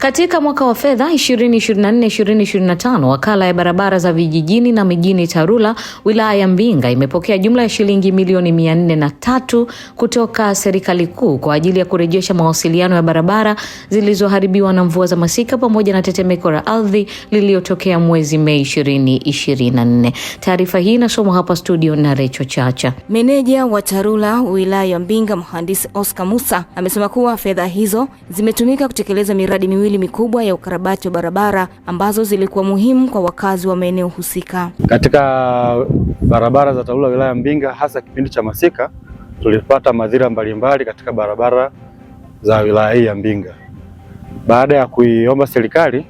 Katika mwaka wa fedha 2024-2025 wakala ya barabara za vijijini na mijini TARURA wilaya ya Mbinga imepokea jumla ya shilingi milioni mia na tatu kutoka serikali kuu kwa ajili ya kurejesha mawasiliano ya barabara zilizoharibiwa na mvua za masika pamoja na tetemeko la ardhi lililotokea mwezi Mei 2024. Taarifa hii inasomwa hapa studio na Recho Chacha. Meneja wa TARURA wilaya ya Mbinga mhandisi Oscar Musa amesema kuwa fedha hizo zimetumika kutekeleza miradi miwili miwili mikubwa ya ukarabati wa barabara ambazo zilikuwa muhimu kwa wakazi wa maeneo husika. Katika barabara za TARURA wilaya Mbinga, hasa kipindi cha masika, tulipata madhira mbalimbali katika barabara za wilaya hii ya Mbinga. Baada ya kuiomba serikali,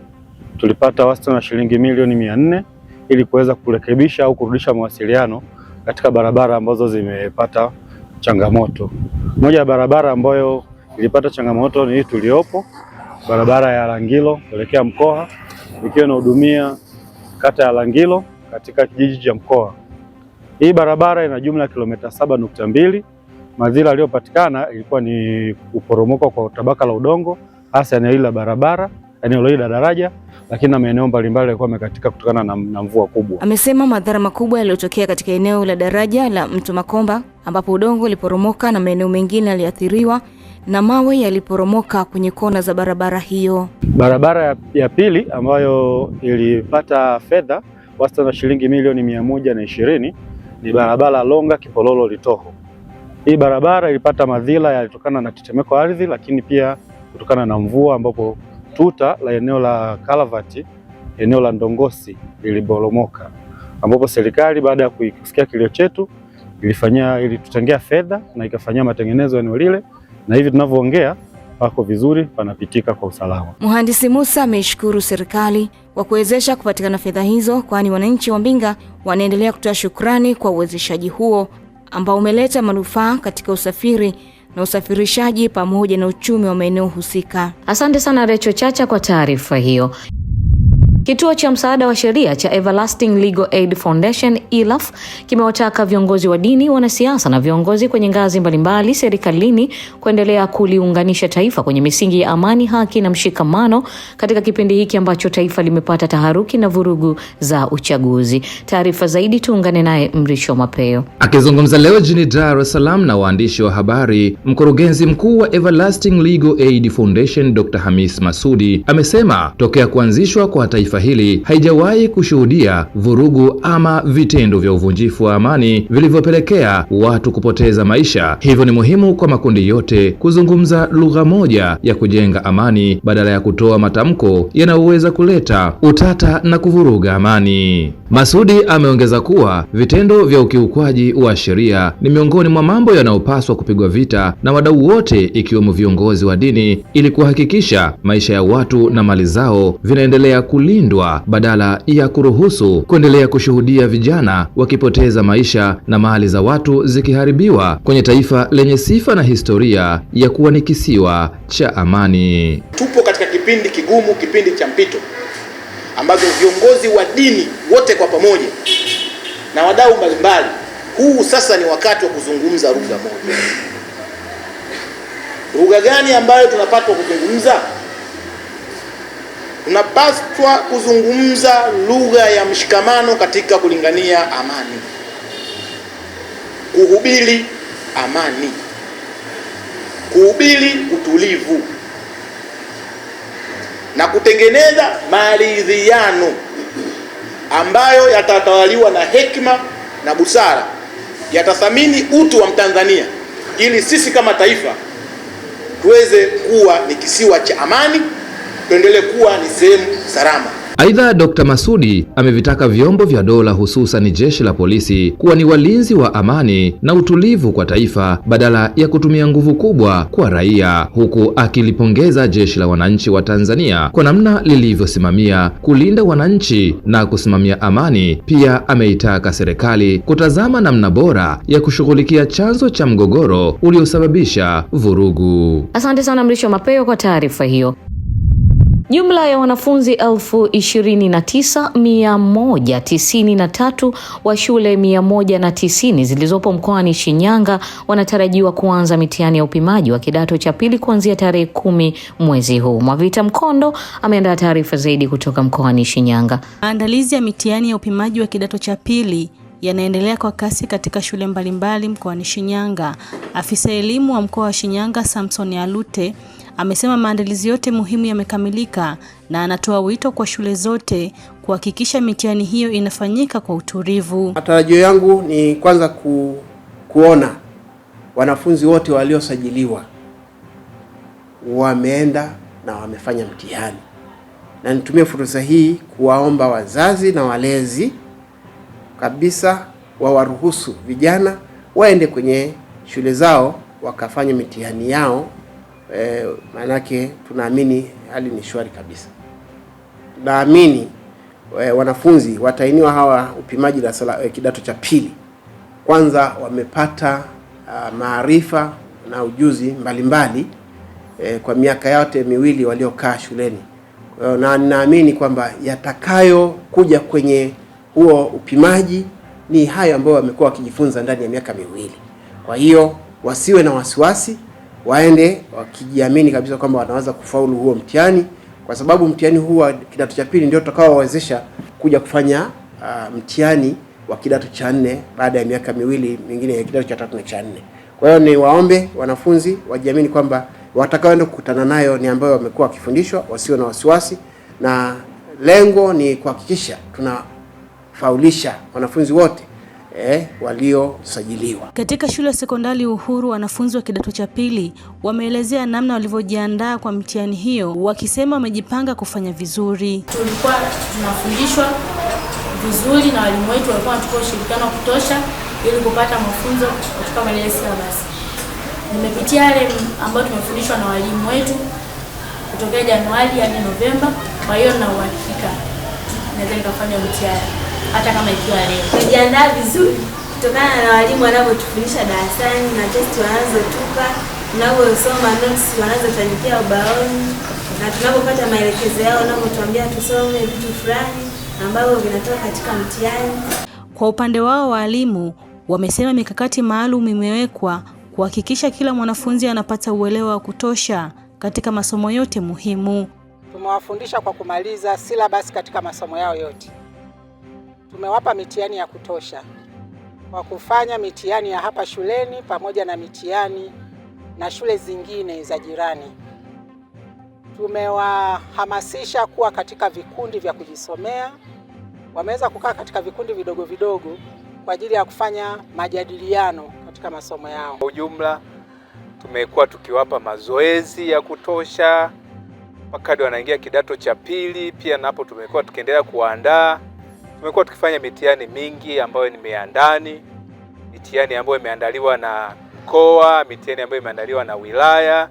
tulipata wastani wa shilingi milioni mia nne ili kuweza kurekebisha au kurudisha mawasiliano katika barabara ambazo zimepata changamoto. Moja ya barabara ambayo ilipata changamoto ni hii tuliopo barabara ya Langilo kuelekea mkoa ikiwa inahudumia kata ya Langilo katika kijiji cha mkoa Hii barabara ina jumla ya kilomita saba nukta mbili. Madhila yaliyopatikana ilikuwa ni kuporomoka kwa tabaka la udongo hasa eneo hili la barabara eneo la daraja, lakini na maeneo mbalimbali yalikuwa yamekatika kutokana na, na mvua kubwa. Amesema madhara makubwa yaliyotokea katika eneo la daraja la Mto Makomba ambapo udongo uliporomoka na maeneo mengine yaliathiriwa na mawe yaliporomoka kwenye kona za barabara hiyo. Barabara ya, ya pili ambayo ilipata fedha wastani wa shilingi milioni mia moja na ishirini ni barabara Longa Kipololo Litoho. Hii barabara ilipata madhila yalitokana na tetemeko ardhi, lakini pia kutokana na mvua ambapo tuta la eneo la kalavati eneo la Ndongosi liliboromoka, ambapo serikali baada ya kusikia kilio chetu ilifanyia ilitutengea fedha na ikafanyia matengenezo eneo lile na hivi tunavyoongea pako vizuri, panapitika kwa usalama. Mhandisi Musa ameishukuru serikali kwa kuwezesha kupatikana fedha hizo, kwani wananchi wa Mbinga wanaendelea kutoa shukrani kwa uwezeshaji huo ambao umeleta manufaa katika usafiri na usafirishaji pamoja na uchumi wa maeneo husika. Asante sana Recho Chacha kwa taarifa hiyo. Kituo cha msaada wa sheria cha Everlasting Legal Aid Foundation ELAF kimewataka viongozi wa dini, wanasiasa na viongozi kwenye ngazi mbalimbali serikalini kuendelea kuliunganisha taifa kwenye misingi ya amani, haki na mshikamano katika kipindi hiki ambacho taifa limepata taharuki na vurugu za uchaguzi. Taarifa zaidi tuungane naye Mrisho Mapeo. Akizungumza leo jijini Dar es Salaam na waandishi wa habari, mkurugenzi mkuu wa Everlasting Legal Aid Foundation Dr. Hamis Masudi amesema tokea kuanzishwa kwa taifa taifa hili haijawahi kushuhudia vurugu ama vitendo vya uvunjifu wa amani vilivyopelekea watu kupoteza maisha. Hivyo ni muhimu kwa makundi yote kuzungumza lugha moja ya kujenga amani badala ya kutoa matamko yanayoweza kuleta utata na kuvuruga amani. Masudi ameongeza kuwa vitendo vya ukiukwaji wa sheria ni miongoni mwa mambo yanayopaswa kupigwa vita na wadau wote ikiwemo viongozi wa dini ili kuhakikisha maisha ya watu na mali zao vinaendelea kulinda kushindwa badala ya kuruhusu kuendelea kushuhudia vijana wakipoteza maisha na mali za watu zikiharibiwa kwenye taifa lenye sifa na historia ya kuwa ni kisiwa cha amani. Tupo katika kipindi kigumu, kipindi cha mpito ambazo viongozi wa dini wote kwa pamoja na wadau mbalimbali, huu sasa ni wakati wa kuzungumza lugha moja. Lugha gani ambayo tunapatwa kuzungumza? mnapaswa kuzungumza lugha ya mshikamano katika kulingania amani, kuhubiri amani, kuhubiri utulivu na kutengeneza maridhiano ambayo yatatawaliwa na hekima na busara, yatathamini utu wa Mtanzania ili sisi kama taifa tuweze kuwa ni kisiwa cha amani tuendelee kuwa ni sehemu salama. Aidha, Dr. Masudi amevitaka vyombo vya dola hususan jeshi la polisi kuwa ni walinzi wa amani na utulivu kwa taifa badala ya kutumia nguvu kubwa kwa raia, huku akilipongeza jeshi la wananchi wa Tanzania kwa namna lilivyosimamia kulinda wananchi na kusimamia amani. Pia ameitaka serikali kutazama namna bora ya kushughulikia chanzo cha mgogoro uliosababisha vurugu. Asante sana Mrisho Mapeo kwa taarifa hiyo. Jumla ya wanafunzi elfu tisa mia moja tatu wa shule mia moja na tisini zilizopo mkoani Shinyanga wanatarajiwa kuanza mitihani ya upimaji wa kidato cha pili kuanzia tarehe kumi mwezi huu. Mwavita Mkondo ameandaa taarifa zaidi kutoka mkoani Shinyanga. Maandalizi ya mitihani ya upimaji wa kidato cha pili yanaendelea kwa kasi katika shule mbalimbali mkoani Shinyanga. Afisa elimu wa mkoa wa Shinyanga Samson Alute amesema maandalizi yote muhimu yamekamilika na anatoa wito kwa shule zote kuhakikisha mitihani hiyo inafanyika kwa utulivu. Matarajio yangu ni kwanza ku, kuona wanafunzi wote waliosajiliwa wameenda na wamefanya mtihani, na nitumie fursa hii kuwaomba wazazi na walezi kabisa wawaruhusu vijana waende kwenye shule zao wakafanya mitihani yao eh, maanake tunaamini hali ni shwari kabisa. Naamini eh, wanafunzi watainiwa hawa upimaji la sala, eh, kidato cha pili kwanza wamepata ah, maarifa na ujuzi mbalimbali mbali, eh, kwa miaka yote miwili waliokaa shuleni na ninaamini kwamba yatakayokuja kwenye huo upimaji ni hayo ambayo wamekuwa wakijifunza ndani ya miaka miwili. Kwa hiyo wasiwe na wasiwasi waende wakijiamini kabisa kwamba wanaweza kufaulu huo mtihani, kwa sababu mtihani huu wa kidato cha pili ndio tutakaowawezesha kuja kufanya uh, mtihani wa kidato cha nne baada ya miaka miwili mingine ya kidato cha tatu na cha nne. Kwa hiyo ni waombe wanafunzi wajiamini kwamba watakaoenda kukutana nayo ni ambayo wamekuwa wakifundishwa, wasio na wasiwasi, na lengo ni kuhakikisha tunafaulisha wanafunzi wote eh, waliosajiliwa. Katika shule ya sekondari Uhuru, wanafunzi wa kidato cha pili wameelezea namna walivyojiandaa kwa mtihani hiyo, wakisema wamejipanga kufanya vizuri. Tulikuwa tunafundishwa vizuri na walimu wetu walikuwa wanachukua ushirikiano wa kutosha ili kupata mafunzo kutoka ya basi. Nimepitia yale ambayo tumefundishwa na walimu wetu kutokea Januari hadi Novemba, kwa hiyo na uhakika naweza nikafanya mtihani hata kama ikiwa leo. Tujiandaa vizuri kutokana na walimu wanavyotufundisha darasani na testi wanazotupa, tunavyosoma notes wanazotandikia ubaoni na tunapopata maelekezo yao wanavyotuambia tusome vitu fulani ambavyo vinatoka katika mtihani. Kwa upande wao waalimu wamesema mikakati maalum imewekwa kuhakikisha kila mwanafunzi anapata uelewa wa kutosha katika masomo yote muhimu. Tumewafundisha kwa kumaliza silabasi katika masomo yao yote tumewapa mitihani ya kutosha kwa kufanya mitihani ya hapa shuleni pamoja na mitihani na shule zingine za jirani. Tumewahamasisha kuwa katika vikundi vya kujisomea, wameweza kukaa katika vikundi vidogo vidogo kwa ajili ya kufanya majadiliano katika masomo yao. Kwa ujumla, tumekuwa tukiwapa mazoezi ya kutosha mpaka wanaingia kidato cha pili. Pia napo tumekuwa tukiendelea kuwaandaa Tumekuwa tukifanya mitihani mingi ambayo ni miandani, mitihani ambayo imeandaliwa na mkoa, mitihani ambayo imeandaliwa na wilaya,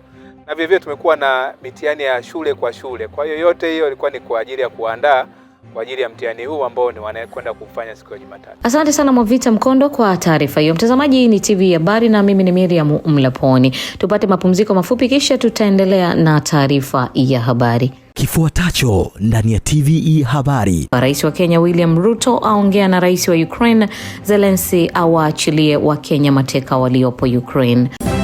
na vile tumekuwa na mitihani ya shule kwa shule. Kwa hiyo yote hiyo ilikuwa ni kwa ajili ya kuandaa kwa ajili ya mtihani huu ambao ni wanakwenda kufanya siku ya Jumatatu. Asante sana Mwavita Mkondo kwa taarifa hiyo. Mtazamaji ni TV Habari na mimi ni Miriam Mlaponi. Tupate mapumziko mafupi, kisha tutaendelea na taarifa ya habari kifuatacho ndani ya TVE Habari. Rais wa Kenya William Ruto aongea na rais wa Ukraine Zelensky awaachilie Wakenya mateka waliopo Ukraine.